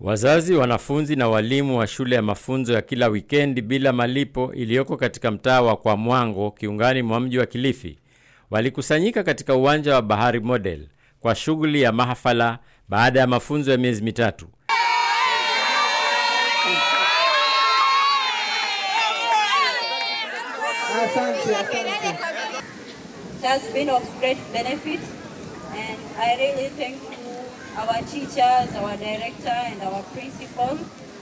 Wazazi, wanafunzi na walimu wa shule ya mafunzo ya kila wikendi bila malipo iliyoko katika mtaa wa Kwamwango kiungani mwa mji wa Kilifi walikusanyika katika uwanja wa Bahari Model kwa shughuli ya mahafala baada ya mafunzo ya miezi mitatu. Asante, asante our teachers, our director and our principal.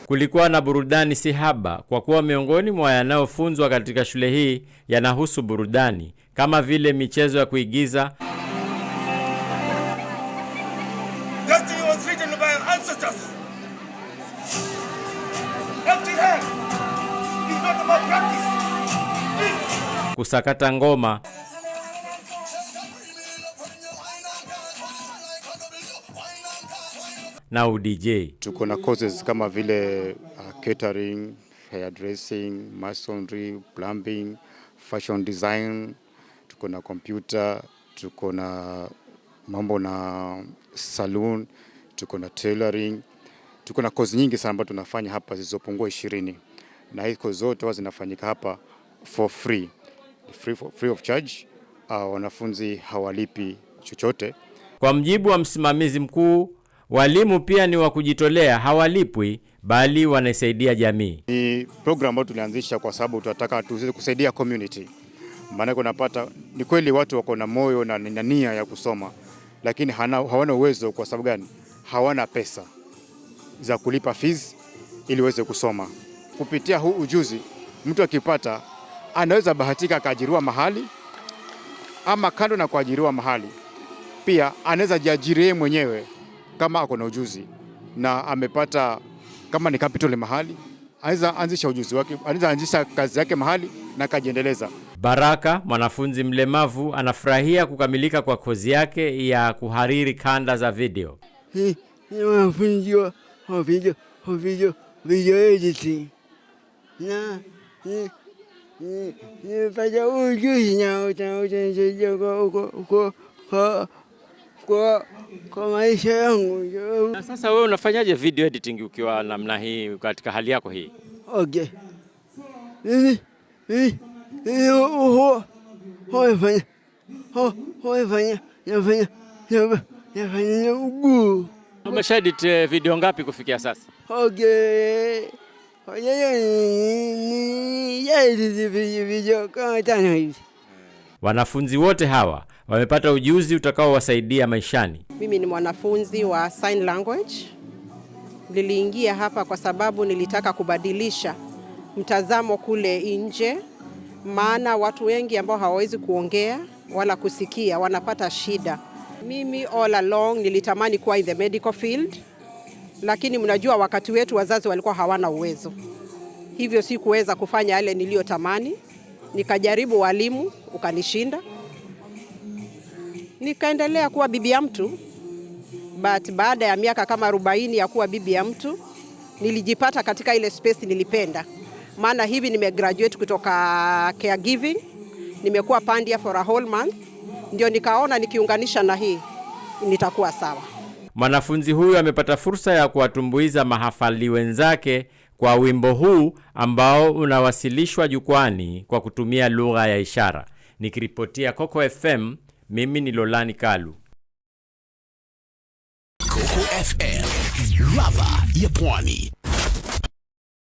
Kulikuwa na burudani haba kwa kuwa miongoni mwa yanayofunzwa katika shule hii yanahusu burudani kama vile michezo ya kuigiza kusakata ngoma na udj. Tuko na courses kama vile uh, catering, hairdressing, masonry, plumbing, fashion design, tuko na computer, tuko na mambo na saloon, tuko na tailoring, tuko na kozi nyingi sana ambazo tunafanya hapa zisizopungua ishirini, na hizo kozi zote huwa zinafanyika hapa for free, free, for, free of charge. Uh, wanafunzi hawalipi chochote. Kwa mjibu wa msimamizi mkuu Walimu pia ni wa kujitolea, hawalipwi bali wanaisaidia jamii. Ni program ambayo tulianzisha kwa sababu tunataka tuweze kusaidia community, maanake unapata ni kweli watu wako na moyo na nia ya kusoma, lakini hawana uwezo. Kwa sababu gani? Hawana pesa za kulipa fees ili waweze kusoma. Kupitia huu ujuzi, mtu akipata anaweza bahatika akaajiriwa mahali ama, kando na kuajiriwa mahali, pia anaweza jiajiri yeye mwenyewe kama ako na ujuzi na amepata kama ni capital mahali anaweza anzisha ujuzi wake, anaweza anzisha kazi yake mahali na akajiendeleza. Baraka, mwanafunzi mlemavu, anafurahia kukamilika kwa kozi yake ya kuhariri kanda za video. wa video, wa video, video editing. Na, he, he, kwa kwa, kwa maisha yangu. Na sasa wewe unafanyaje video editing ukiwa namna hii katika hali yako hii? Okay. Mimi mimi huwa nafanya nafanya nafanya nafanya mguu. Umesha edit video ngapi kufikia sasa? Okay. Wanafunzi wote hawa wamepata ujuzi utakaowasaidia maishani. Mimi ni mwanafunzi wa sign language. Niliingia hapa kwa sababu nilitaka kubadilisha mtazamo kule nje, maana watu wengi ambao hawawezi kuongea wala kusikia wanapata shida. Mimi all along nilitamani kuwa in the medical field, lakini mnajua wakati wetu wazazi walikuwa hawana uwezo, hivyo sikuweza kufanya yale niliyotamani. Nikajaribu walimu, ukanishinda nikaendelea kuwa bibi ya mtu, but baada ya miaka kama arobaini ya kuwa bibi ya mtu nilijipata katika ile space nilipenda, maana hivi nimegraduate kutoka caregiving, nimekuwa pandia for a whole month, ndio nikaona nikiunganisha na hii nitakuwa sawa. Mwanafunzi huyu amepata fursa ya kuwatumbuiza mahafali wenzake kwa wimbo huu ambao unawasilishwa jukwani kwa kutumia lugha ya ishara. Nikiripotia Coco FM mimi ni Lolani Kalu, Coco FM, ladha ya Pwani.